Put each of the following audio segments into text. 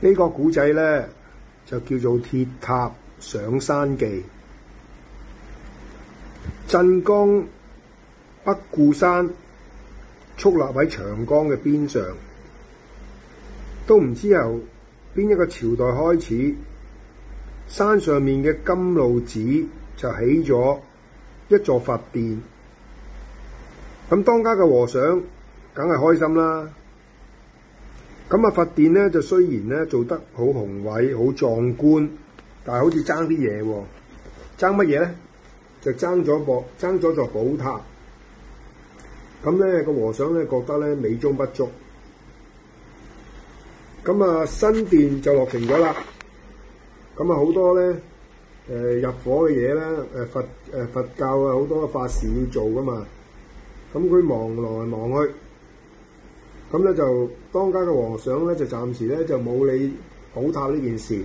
個呢個古仔咧就叫做《鐵塔上山記》。鎮江北固山矗立喺長江嘅邊上，都唔知由邊一個朝代開始，山上面嘅甘露寺就起咗一座佛殿。咁當家嘅和尚梗係開心啦～咁啊，佛殿咧就雖然咧做得好宏偉、好壯觀，但係好似爭啲嘢喎，爭乜嘢咧？就爭咗個爭咗座寶塔。咁咧個和尚咧覺得咧美中不足。咁啊新殿就落成咗啦。咁啊好多咧誒、呃、入伙嘅嘢咧誒佛誒、呃、佛教啊好多嘅法事要做噶嘛。咁佢忙來忙去。咁咧就當家嘅和尚咧就暫時咧就冇理寶塔呢件事。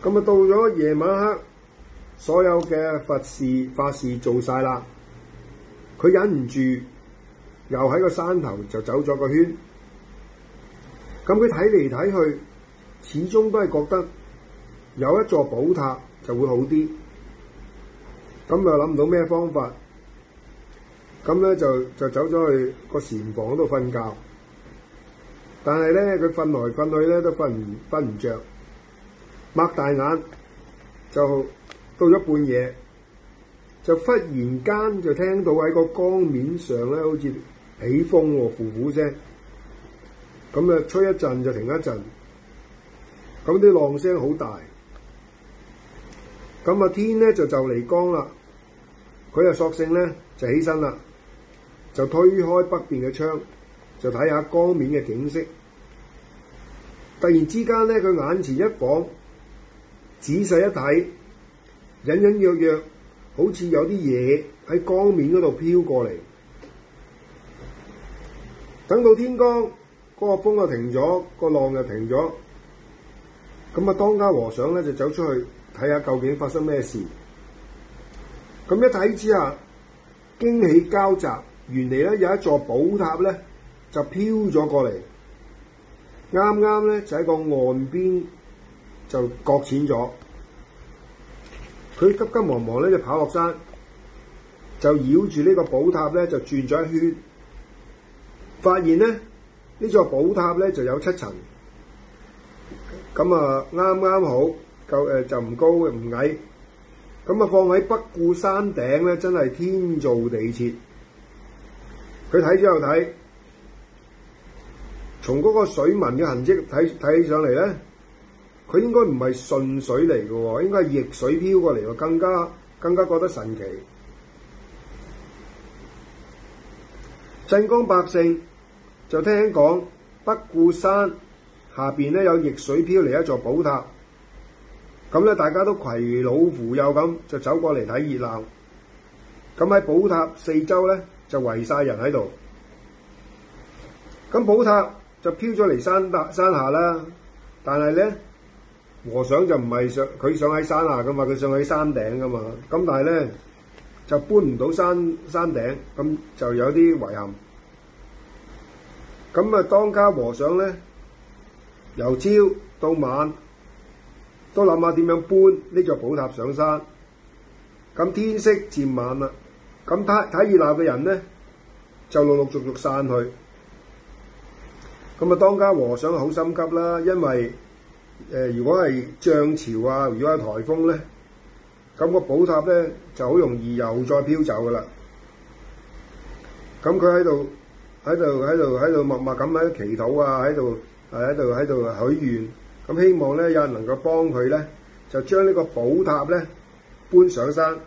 咁啊到咗夜晚黑，所有嘅佛事法事做晒啦，佢忍唔住，又喺個山頭就走咗個圈。咁佢睇嚟睇去，始終都係覺得有一座寶塔就會好啲。咁又諗唔到咩方法。咁咧就就走咗去個禪房度瞓覺，但係咧佢瞓來瞓去咧都瞓唔瞓唔著，擘大眼就到咗半夜，就忽然間就聽到喺個江面上咧好似起風喎、哦、呼呼聲，咁啊吹一陣就停一陣，咁啲浪聲好大，咁啊天咧就就嚟光啦，佢啊索性咧就起身啦。就推開北邊嘅窗，就睇下江面嘅景色。突然之間咧，佢眼前一晃，仔細一睇，隱隱約約好似有啲嘢喺江面嗰度飄過嚟。等到天光，嗰個風就停咗，個浪又停咗。咁啊，當家和尚咧就走出去睇下究竟發生咩事。咁一睇之下，驚喜交集。原嚟咧有一座寶塔咧，就漂咗過嚟，啱啱咧就喺個岸邊就擱淺咗。佢急急忙忙咧就跑落山，就繞住呢個寶塔咧就轉咗一圈，發現咧呢座寶塔咧就有七層。咁啊啱啱好，夠誒就唔高又唔矮，咁啊放喺北固山頂咧真係天造地設。佢睇咗又睇，從嗰個水紋嘅痕跡睇睇起上嚟咧，佢應該唔係順水嚟嘅喎，應該係逆水漂過嚟，更加更加覺得神奇。鎮江百姓就聽講北固山下邊咧有逆水漂嚟一座寶塔，咁咧大家都攜老扶幼咁就走過嚟睇熱鬧，咁喺寶塔四周咧。就圍晒人喺度，咁寶塔就漂咗嚟山下山下啦。但係咧，和尚就唔係想佢想喺山下㗎嘛，佢想喺山頂㗎嘛。咁但係咧就搬唔到山山頂，咁就有啲遺憾。咁啊，當家和尚咧，由朝到晚都諗下點樣搬呢座寶塔上山。咁天色漸晚啦。咁睇睇熱鬧嘅人咧，就陸陸續續散去。咁啊，當家和尚好心急啦，因為誒、呃，如果係漲潮啊，如果係颱風咧，咁個寶塔咧就好容易又再飄走噶啦。咁佢喺度，喺度，喺度，喺度默默咁喺度祈禱啊，喺度，誒，喺度，喺度許願，咁希望咧有人能夠幫佢咧，就將呢個寶塔咧搬上山。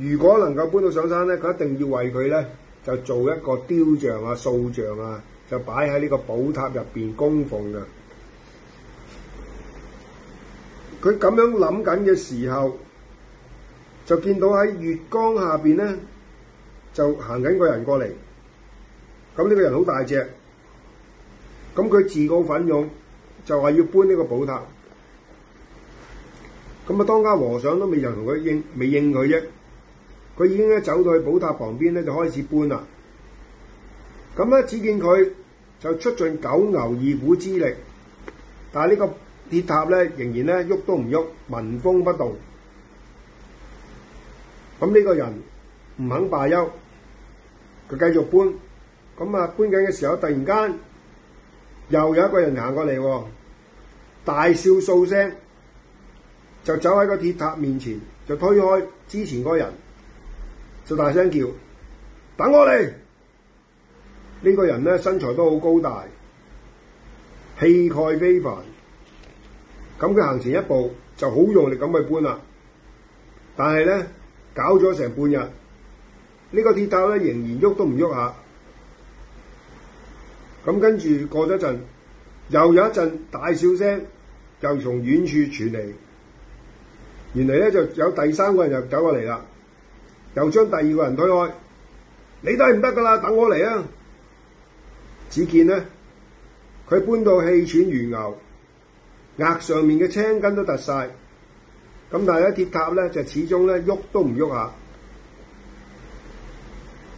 如果能夠搬到上山咧，佢一定要為佢咧就做一個雕像啊、塑像啊，就擺喺呢個寶塔入邊供奉嘅。佢咁樣諗緊嘅時候，就見到喺月光下邊咧，就行緊個人過嚟。咁呢個人好大隻，咁佢自告奮勇，就話要搬呢個寶塔。咁啊，當家和尚都未就同佢應，未應佢啫。佢已經咧走到去寶塔旁邊咧，就開始搬啦。咁咧，只見佢就出盡九牛二虎之力，但係呢個鐵塔咧仍然咧喐都唔喐，聞風不動。咁、這、呢個人唔肯罷休，佢繼續搬。咁啊，搬緊嘅時候，突然間又有一個人行過嚟，大笑數聲，就走喺個鐵塔面前，就推開之前嗰人。就大聲叫：等我嚟！呢個人咧身材都好高大，氣概非凡。咁佢行前一步，就好用力咁去搬啦。但係咧搞咗成半日，這個、鐵呢個鐵塔咧仍然喐都唔喐下。咁跟住過咗陣，又有一陣大笑聲，又從遠處傳嚟。原嚟咧就有第三個人就走過嚟啦。又將第二個人推開，你都係唔得噶啦，等我嚟啊！只見咧，佢搬到氣喘如牛，額上面嘅青筋都突晒。咁但係咧鐵塔咧就始終咧喐都唔喐下。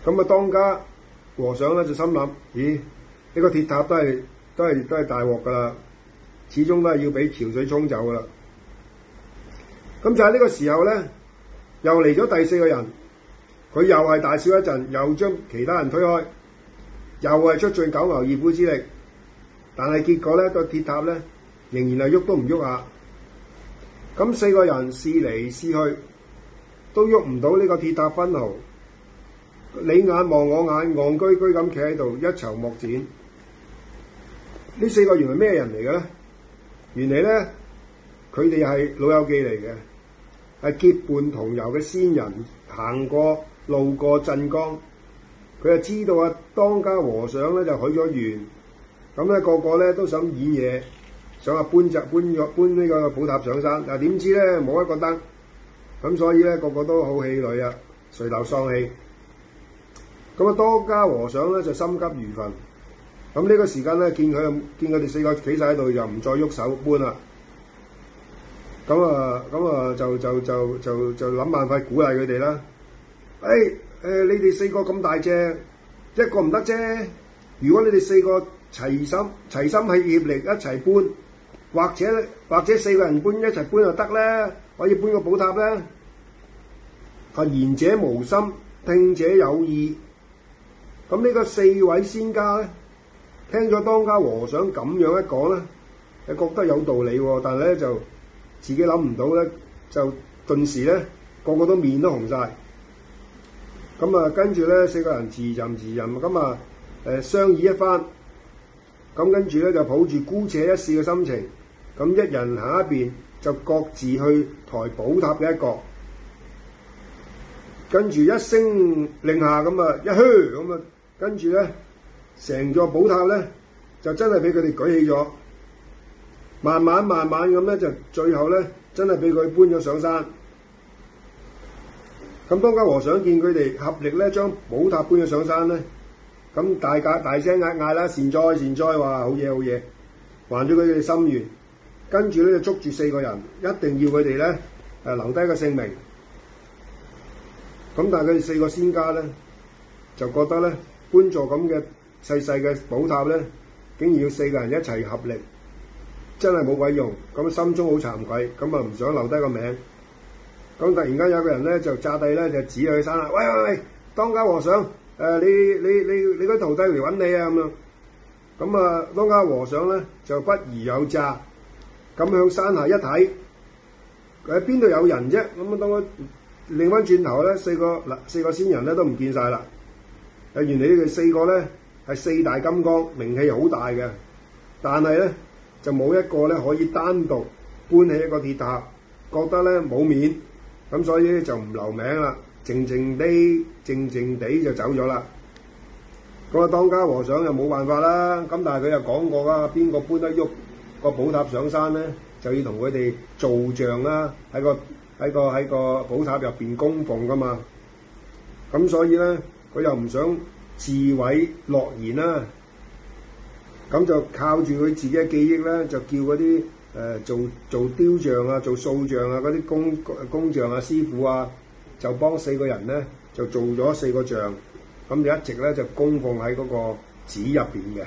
咁啊，當家和尚咧就心諗：咦，呢個鐵塔都係都係都係大鑊噶啦，始終都係要俾潮水沖走噶啦。咁就喺呢個時候咧，又嚟咗第四個人。佢又係大笑一陣，又將其他人推開，又係出盡九牛二虎之力，但係結果咧，個鐵塔咧仍然係喐都唔喐下。咁四個人試嚟試去，都喐唔到呢個鐵塔分毫。你眼望我眼，憨居居咁企喺度，一籌莫展。呢四個原來咩人嚟嘅咧？原嚟咧，佢哋係老友記嚟嘅，係結伴同遊嘅先人行過。路過鎮江，佢就知道啊！當家和尚咧就許咗願，咁、那、咧個個咧都想演嘢，想啊搬著搬著搬呢個寶塔上山。嗱，點知咧冇一個登，咁所以咧個個都好氣餒啊，垂頭喪氣。咁、那、啊、個、當家和尚咧就心急如焚。咁呢個時間咧見佢見佢哋四個企晒喺度，就唔再喐手搬啦。咁啊咁啊就就就就就諗辦法鼓勵佢哋啦。誒誒、哎呃，你哋四個咁大隻，一個唔得啫。如果你哋四個齊心齊心係協力一齊搬，或者或者四個人搬一齊搬就得咧。可以搬個寶塔咧。話言者無心，聽者有意。咁呢個四位仙家咧，聽咗當家和尚咁樣一講咧，係覺得有道理，啊，但係咧就自己諗唔到咧，就頓時咧個個都面都紅晒。咁啊，跟住咧四個人自任自任，咁啊誒商議一番，咁跟住咧就抱住姑且一試嘅心情，咁一人行一邊，就各自去抬寶塔嘅一角，跟住一聲令下，咁啊一嘘，咁啊，跟住咧成座寶塔咧就真係俾佢哋舉起咗，慢慢慢慢咁咧就最後咧真係俾佢搬咗上山。咁當家和尚見佢哋合力咧，將寶塔搬咗上山咧，咁大家大聲嗌嗌啦，善哉善哉，話好嘢好嘢，還咗佢哋嘅心願。跟住咧就捉住四個人，一定要佢哋咧誒留低個姓名。咁但係佢哋四個仙家咧，就覺得咧搬座咁嘅細細嘅寶塔咧，竟然要四個人一齊合力，真係冇鬼用。咁心中好慚愧，咁啊唔想留低個名。咁突然間有個人咧就炸地咧，就指佢去山啦。喂喂喂，當家和尚，誒、呃、你你你你個徒弟嚟揾你啊！咁樣咁啊，當家和尚咧就不疑有詐，咁向山下一睇，誒邊度有人啫？咁啊，當佢擰翻轉頭咧，四個嗱四個仙人咧都唔見晒啦。誒，原嚟呢四個咧係四大金剛，名氣好大嘅，但係咧就冇一個咧可以單獨搬起一個鐵塔，覺得咧冇面。咁所以咧就唔留名啦，靜靜地、靜靜地就走咗啦。咁啊，當家和尚又冇辦法啦。咁但係佢又講過啊，邊個搬得喐個寶塔上山咧，就要同佢哋做像啦，喺個喺個喺個寶塔入邊供奉噶嘛。咁所以咧，佢又唔想自毀諾言啦、啊，咁就靠住佢自己嘅記憶咧，就叫嗰啲。誒、呃，做做雕像啊，做塑像啊，嗰啲工工匠啊、師傅啊，就幫四個人咧，就做咗四個像，咁、嗯、就一直咧就供奉喺嗰個寺入邊嘅。